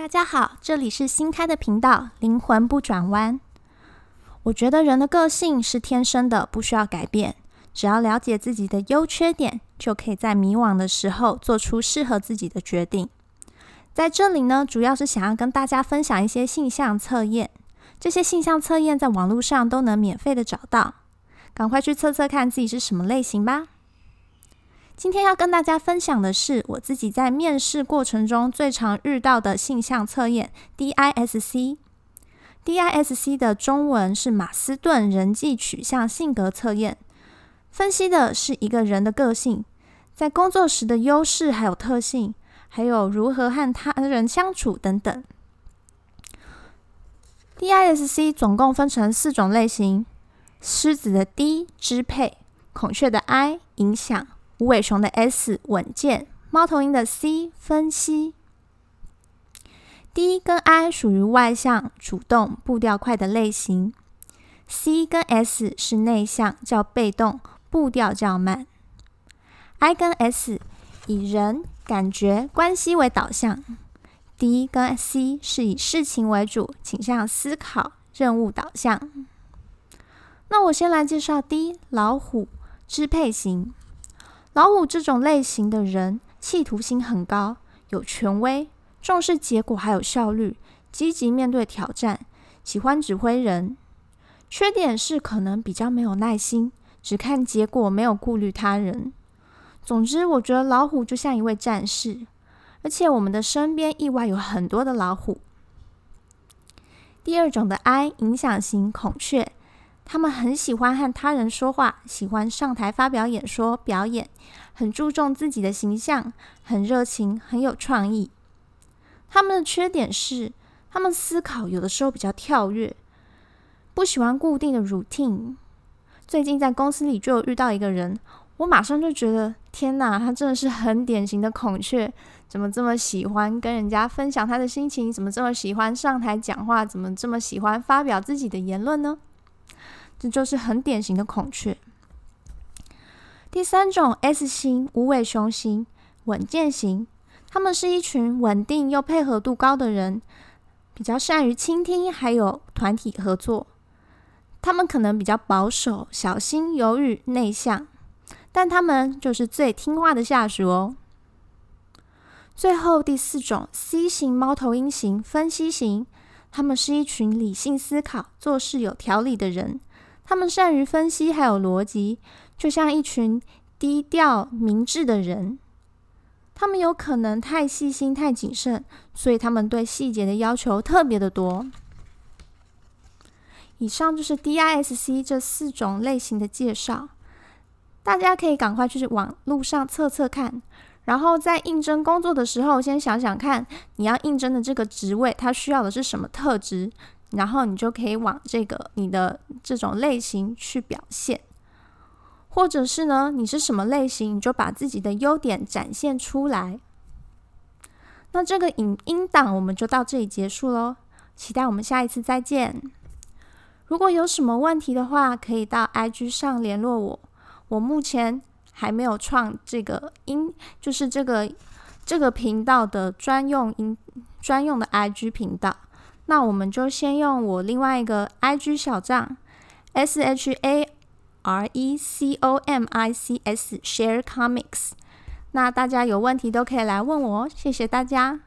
大家好，這裡是新開的頻道《靈魂不轉彎》。我覺得人的個性是天生的，不需要改變。只要了解自己的優缺點，就可以在迷惘的時候做出適合自己的決定。在這裡呢，主要是想要跟大家分享一些性向測驗。這些性向測驗在網絡上都能免費的找到，趕快去測測看自己是什麼類型吧。今天要跟大家分享的是我自己在面試過程中最常遇到的性向測驗 DISC。DISC 的中文是馬斯頓人際取向性格測驗，分析的是一個人的個性，在工作時的優勢，還有特性，還有如何和他人相處等等。DISC 總共分成四種類型：獅子的 D 支配，孔雀的 I 影響。無尾熊的 S 穩健，貓頭鷹的 C 分析。D 跟 I 屬於外向、主動、步調快的類型；C 跟 S 是內向、較被動、步調較慢。I 跟 S 以人、感覺、關係為導向；D 跟 C 是以事情為主，傾向思考、任務導向。那我先來介紹 D 老虎支配型。老虎這種類型的人，企圖心很高，有權威，重視結果還有效率，積極面對挑戰，喜歡指揮人。缺點是可能比較沒有耐心，只看結果，沒有顧慮他人。總之，我覺得老虎就像一位戰士，而且我們的身邊意外有很多的老虎。第二種的 I 影響型孔雀。他們很喜歡和他人說話，喜歡上台發表演說、表演，很注重自己的形象，很熱情，很有創意。他們的缺點是，他們思考有的時候比較跳躍，不喜歡固定的 routine。最近在公司裡就遇到一個人，我馬上就覺得，天哪，他真的是很典型的孔雀，怎麼這麼喜歡跟人家分享他的心情？怎麼這麼喜歡上台講話？怎麼這麼喜歡發表自己的言論呢？這就是很典型的孔雀。第三種 S 型無尾熊型、穩健型，他們是一群穩定又配合度高的人，比較善於傾聽，還有團體合作。他們可能比較保守、小心、猶豫、內向，但他們就是最聽話的下屬哦。最後第四種 C 型貓頭鷹型、分析型，他們是一群理性思考、做事有條理的人。他們善於分析，還有邏輯，就像一群低調明智的人。他們有可能太細心、太謹慎，所以他們對細節的要求特別的多。以上就是 DISC 這四種類型的介紹，大家可以趕快去網絡上測測看，然後在應徵工作的時候，先想想看，你要應徵的這個職位，它需要的是什麼特質。然後你就可以往這個你的這種類型去表現，或者是呢，你是什麼類型，你就把自己的優點展現出來。那這個影音檔我們就到這裡結束嘍，期待我們下一次再見。如果有什麼問題的話，可以到 IG 上聯絡我。我目前還沒有創這個音，就是這個這個頻道的專用音，專用的 IG 頻道。那我們就先用我另外一個 IG 小帳，S H A R E C O M I C S Share Comics。那大家有問題都可以來問我哦，謝謝大家。